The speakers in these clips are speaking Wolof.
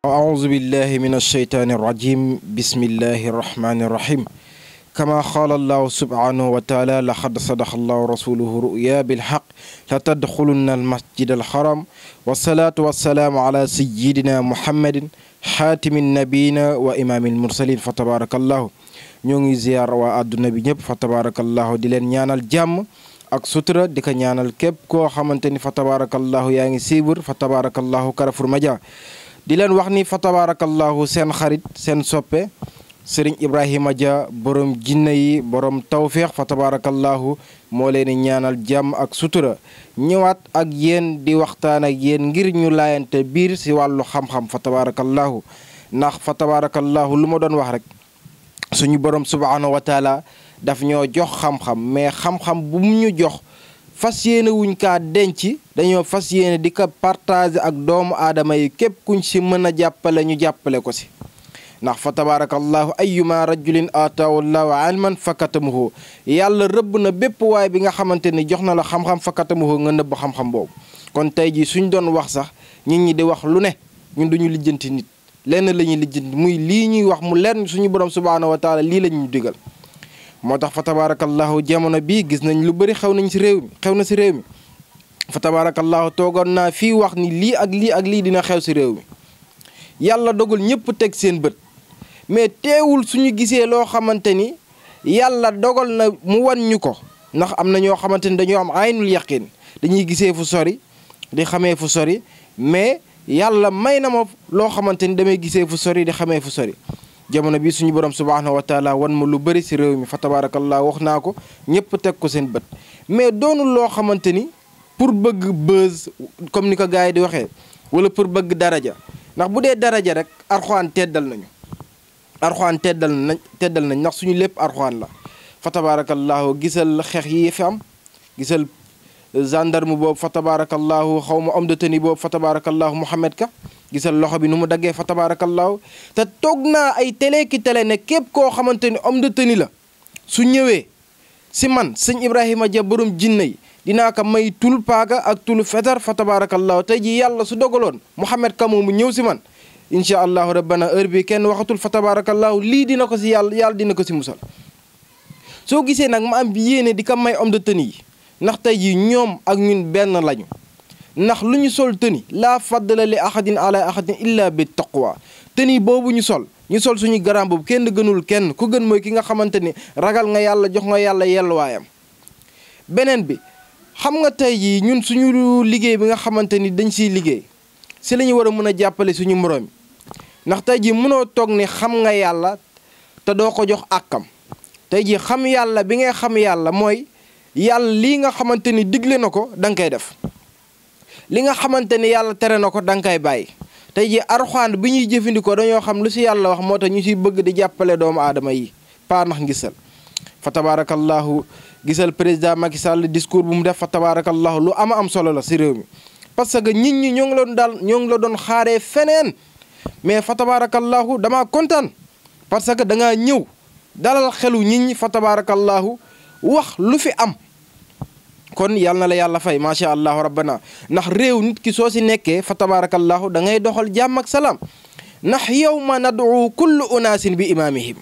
أعوذ بالله من الشيطان الرجيم بسم الله الرحمن الرحيم كما قال الله سبحانه وتعالى لقد صدق الله رسوله رؤيا بالحق لتدخلن المسجد الحرام والصلاة والسلام على سيدنا محمد حاتم النبيين وإمام المرسلين فتبارك الله ñoo زيار وآد النبي bi فتبارك الله tabarakallahu نيان leen ak sutura di ko ñaanal képp koo xamante ni fa tabarakallahu yaa ngi siibur fa tabarakallahu karafur maja di leen wax nii fa tabarakallahu seen xarit seen soppe sëriñ Ibrahima Dia boroom jinne yi borom tawféex fa tabarakallahu moo leen di ñaanal jàmm ak sutura ñëwaat ak yéen di waxtaan ak yéen ngir ñu laayante biir si wàllu xam-xam fa tabarakallahu ndax fa tabarakallahu lu ma doon wax rek suñu borom subhaanahu wa taala daf ñoo jox xam-xam mais xam-xam bu mu ñu jox fas yéene wuñ kaa denc dañoo fas yéene di ko ak doomu aadama yi képp kuñ si mën a jàppale ñu jàppale ko si ndax fa tabaarakallahu ayuma rajulin ataahu llahu alman fakatamuhu yàlla rëbb na bépp waay bi nga xamante ni jox na la xam-xam fakatamuhu nga nëbb xam-xam boobu kon tey jii suñ doon wax sax nit ñi di wax lu ne ñun duñu lijjanti nit lenn la ñuy lijjanti muy lii ñuy wax mu lenn suñu borom subhaanahu wa taala lii la ñuy digal motax fa tabarakallah jamono bi gis nañ lu bari xew nañ ci rew mi xew na ci rew mi fa tabarakallah togon na fi wax ni li ak li ak li dina xew ci rew mi yàlla dogul ñëpp tek seen beut mais teewul suñu gisee lo xamanteni yàlla dogal na mu wan ñuko ko ndax am na ñoo xamante am aynul yaqin dañuy gisee fu sori di xame fu sori mais yàlla may na ma loo xamante damay gisee fu sori di xame fu sori jamono bi suñu borom subhanahu wa taala wan mu lu bari ci réew mi fa tabarakallah waxnako ñëpp tek ko seen bët mais doonu lo xamanteni pour bëgg buzz comme ni ko gars di waxe wala pour bëgg daraja ndax bu dé daraja rek arxuwaan teddal nañu arxuwaan teddal nañ teddal nañ ndax suñu lépp arxuwaan la fa tabarakallah gisal xex yi fi am gisal gendarme bob fa tabarakallah xaw ma homme de tenue bob fa tabarakallah muhammad Ka gisal loxo bi numu dagge fa tabarakallah ta togna ay télé ki télé ne kep ko xamanteni homme de tenue la su ñëwé si man seigne Ibrahima Dia jinne dina ka may tul paga ak tul fetar fa tabarakallah tay ji yàlla su dogalon Mouhamed Kamo mu ñëw si man incha allahu rabbana heure bi kenn waxatul fa tabarakallah li dina ko si yàlla yàlla dina ko si musal so gisé nak ma am yene di ka may homme de tenue ndax tay ji ñom ak ñun ben lañu. ndax lu ñu sol tëni laa faddala li ahadin ala ahadin illa bi waa tëni boobu ñu sol ñu sol suñu garaam boobu kenn gënul kenn ku gën mooy ki nga xamante ni ragal nga yàlla jox nga yàlla yelluwaayam beneen bi xam nga tey jii ñun suñu liggéey bi nga xamante ni dañ siy liggéey si lañu ñu war a mën a jàppale suñu moroom ndax tey jii mënoo toog ni xam nga yàlla te doo ko jox àkkam tey jii xam yàlla bi ngay xam yàlla mooy yàlla lii nga xamante ni digle na ko da koy def li nga xamante ni yàlla tere na ko da nga bàyyi tey ji arxaan bi ñuy jëfandikoo dañoo xam lu si yàlla wax moo tax ñu siy bëgg di jàppale doomu aadama yi paa nax ngisal fa tabaarakallaahu gisal président Macky Sall discours bu mu def fa tabaarakallaahu lu am am solo la si réew mi parce que nit ñi ñoo ngi la doon daal ñoo ngi la doon xaaree feneen mais fa tabaarakallaahu damaa kontaan parce que da ngaa ñëw dalal xelu nit ñi fa tabaarakallaahu wax lu fi am kon yàlla na la yàlla fay macha allah rabbana ndax réew nit ki soo si nekkee fa tabaarakallahu da ngay doxal jàmm ak salaam ndax yawma nad'u kullu unaasin bi imaamihim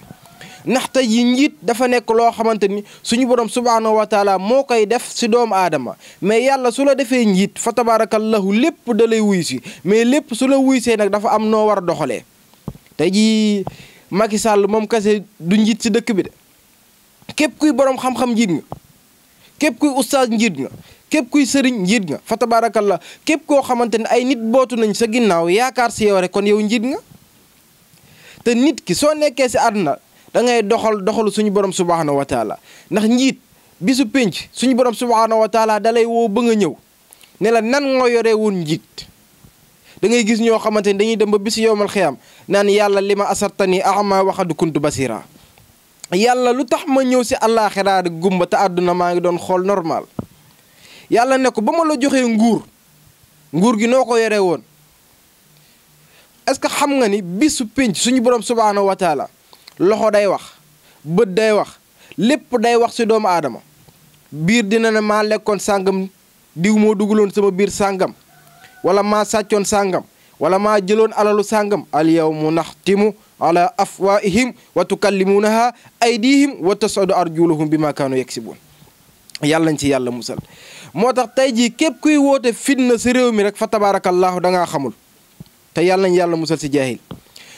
ndax tey yi njiit dafa nekk loo xamante ni suñu borom subhaanahu wa moo koy def si doomu aadama mais yàlla su la defee njiit fa tabaarakallahu lépp da lay wuy si mais lépp su la wuy nag dafa am noo war a doxalee tey jii Macky Sall moom kese du njiit si dëkk bi de képp kuy borom képp kuy oustad kepku nga képp kuy serigne njiit nga fa tabarakallah képp ko xamanteni ay nit botu nañ sa ginnaw yaakar ci yow rek kon yow njiit nga te nit ki so nekké ci aduna da ngay doxal doxal suñu borom subhanahu wa taala ndax njiit bisu pench suñu borom subhanahu wa taala dalay wo ba nga ñew ne la nan nga yoré woon njiit da ngay gis ño xamanteni dañuy dem ba bisu yowmal khiyam nan yalla lima asartani ama qad kuntu basira yàlla lu tax ma ñëw si àllaaxira di gumba te àdduna maa ngi doon xool normal yàlla ne ko ba ma la joxee nguur nguur gi noo ko yore woon est que xam nga ni bisu pénc suñu borom subhaanahu wa loxo day wax bët day wax lépp day wax si doomu aadama biir dina ne maa lekkoon sàngam diw moo dugg loon sama biir sàngam walla maa sàccoon sàngam ولما جلون على لسانهم اليوم نختم على أفواههم وتكلمونها أيديهم وتصعد أرجلهم بما كانوا يكسبون يلا انت يلا مسل موتاخ تايجي كيب كي ووتو فين سي ريومي فتبارك الله داغا خمول تا يلا يلا مسل سي جاهل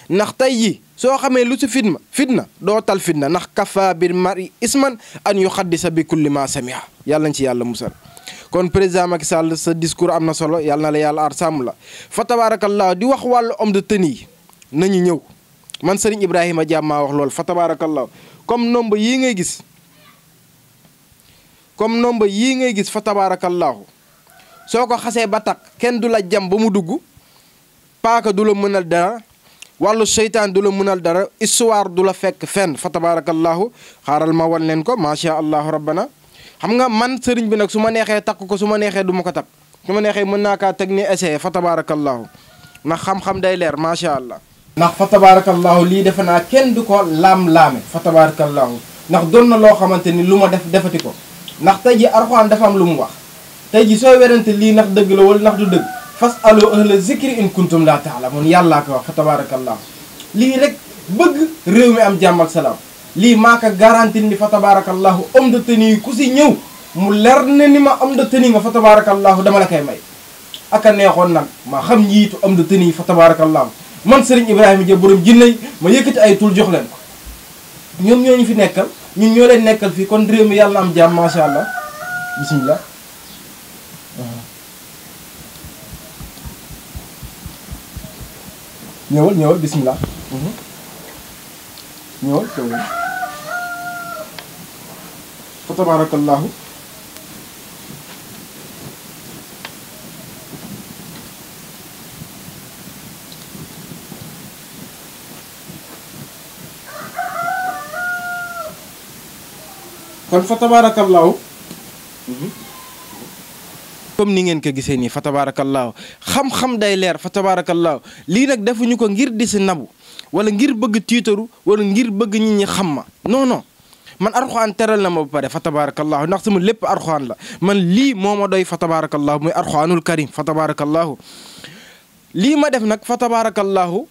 نخ تايجي سو خامي لوسو فيدما فيدنا دو تال فيدنا نخ كفا بالمري اسمن ان يحدث بكل ما سمع يلا انت يلا مسل kon président Macky Sall sa discours amna solo yàlla la yàlla aar la fa tabarakallah di wax wàllu homme de tenue nañu ñew man Serigne Ibrahima Dia wax lol fa tabarakallah comme nombre yi ngay gis comme nombre yi ngay gis fa tabarakallah soko xasse batak ken dula jam bu mu dugg paaka du la mënal dara walu shaytan dula meunal dara histoire dula fek fen fa tabarakallah xaaral ma wal len ko sha allah rabbana xam nga man sëriñ bi nag su ma neexee takk ko su ma neexee du ma ko takk su ma neexee mën naa ka teg ni essayé fa tabaarakallaahu ndax xam-xam day leer macha allah. ndax fa tabaarakallaahu lii defe naa kenn du ko laam-laame fa tabaarakallaahu ndax doon na loo xamante ni lu ma def defati ko ndax tey ji arxaan dafa am lu mu wax tey ji sooy werante lii ndax dëgg la wala ndax du dëgg fas alo ahla zikri in kuntum laa taalamuun yàllaa ko wax fa tabaarakallaahu lii rek bëgg réew mi am jàmm ak lii maa ko garanti ni fa tabaarakallaahu homme de tenue ku si ñëw mu leer na ni ma homme de tenue nga fa tabaarakallaahu dama la koy may ak a neexoon nag maa xam njiitu homme de tenue fa tabaarakallaahu man Serigne Ibrahima Dia borom jinnay ma yëkkati ay tul jox leen ko ñoom ñu fi nekkal ñun ñoo nekkal fii kon réew mi yàlla am jàmm macha allah bisimilah. ñëwal ñëwal ñëwal. fa tabaarakallaahu kon comme ni ngeen ko gisee nii fa tabaarakallaahu xam-xam day leer fa tabaarakallaahu lii nag defuñu ko ngir di si nabu wala ngir bëgg tiitaru wala ngir bëgg nit ñi xam ma non non man arxuraan teral na ma ba pare fa tabarakallahu ndax sama lépp arxuraan la man li moma doy fa tabarakallahu muy arxuraanul karim fa tabarakallahu li ma def nak fa tabarakallahu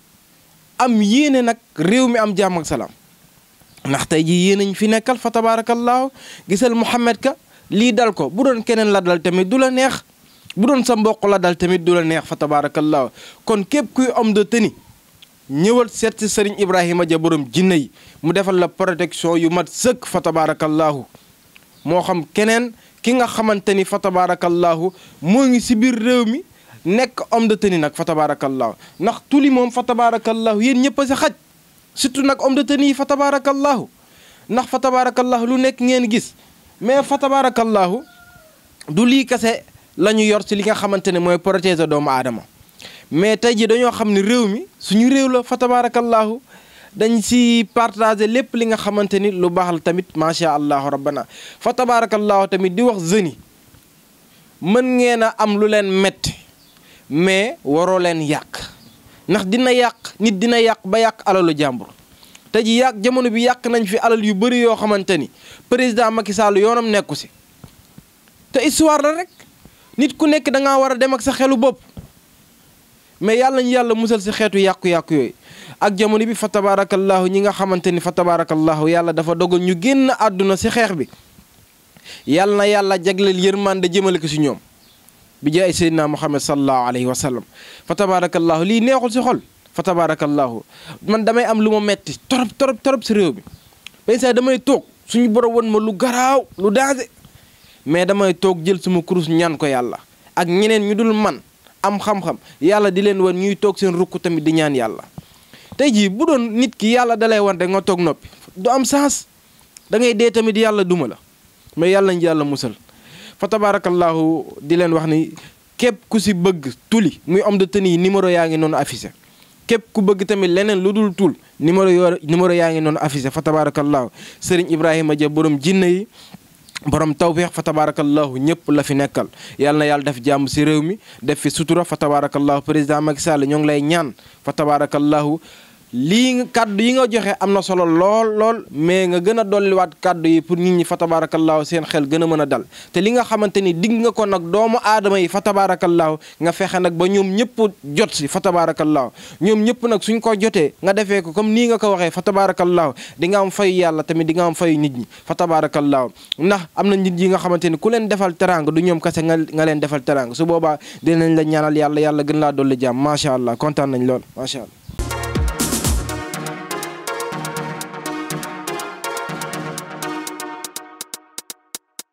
am yene nak rew mi am jam ak salam ndax tay ji yene ñu fi nekkal fa tabarakallahu gisal muhammad ka li dal ko bu doon keneen la dal tamit du la neex bu doon sa mbokk la dal tamit du la neex fa tabarakallahu kon kep kuy am de tenue ñëwal seet si sëriñ Ibrahima ja borom jinne yi mu defal la protection yu mat sëkk fa tabaarakallaahu moo xam keneen ki nga xamante ni fa tabaarakallaahu moo ngi si biir réew mi nekk om de tenue nag fa tabaarakallaahu ndax tuli moom fa tabaarakallaahu yéen ñëpp a si xaj surtout nag homme de tenue yi fa tabaarakallaahu ndax fa tabaarakallaahu lu nekk ngeen gis mais fa tabaarakallaahu du lii kese la ñu yor ci li nga xamante ne mooy protéger doomu aadama mais tay ji dañu xamni rew mi suñu rew la fa tabarakallah dañ si partager lepp li nga xamanteni lu baxal tamit tamit sha Allah rabbana fa tabarakallah tamit di wax zeni man ngeena am lu len metti mais waro len yak ndax dina yak, nit dina yak ba yak alalu jambur tay ji yak jamono bi yak nañ fi alal yu bëri yo xamanteni president Macky Sall yonam nekkusi te histoire la rek nit ku nek da nga wara dem ak sa xelu bop mais yàlla ñu yàlla musal si xeetu yàqu-yàqu yooyu ak jamono bi fa tabaarakallaahu ñi nga xamante ni fa tabaarakallaahu yàlla dafa dogal ñu génn àdduna si xeex bi yàlla na yàlla jagleel yërmande jëmale ko si ñoom bi jaay seydina muhammad sallallahu alayhi wa sallam fa tabaarakallaahu lii neexul si xol fa tabaarakallaahu man damay am lu ma metti torop torop torop si réew bi benn damay toog suñu borom woon ma lu garaaw lu daase mais damay toog jël suma kurus ñaan ko yàlla ak ñeneen ñu dul man am xam-xam yàlla di leen wan ñuy toog seen rukk tamit di ñaan yàlla tey jii bu doon nit ki yàlla dalay wan rek nga toog noppi du am sens da ngay dee tamit yàlla duma la mais yàlla nañ yàlla musal fa tabaarakallaahu di leen wax ni képp ku si bëgg tuli muy am de tenue yi numéro yaa ngi noonu affiché képp ku bëgg tamit leneen lu dul tul numéro yoo numéro yaa ngi noonu affiché fa tabaarakallaahu sëriñ Ibrahima Dia borom jinne yi borom tawféex fa tabaarakallaahu ñëpp la fi nekkal yàlla na yàlla def jàmm si réew mi def fi sutura fa tabaarakallaahu président Macky Sall ñoo ngi lay ñaan fa tabaarakallaahu lii kaddu yi nga joxe amna solo lol lol mais nga gëna doli wat kaddu yi pour nit ñi fa tabarakallah seen xel gëna mëna dal te li nga xamanteni dig nga ko nak doomu adama yi fa tabarakallah nga fexé nak ba ñoom ñepp jot si fa tabarakallah ñoom ñepp nak suñ ko joté nga défé ko comme ni nga ko waxé fa tabarakallah di nga am fay yalla tamit di nga am fay nit ñi fa tabarakallah ndax amna nit yi nga xamanteni ku leen defal terang du ñoom kasse nga nga leen defal terang su boba dinañ la ñaanal yalla yalla gën doli jam ma sha allah kontaan nañ lool sha allah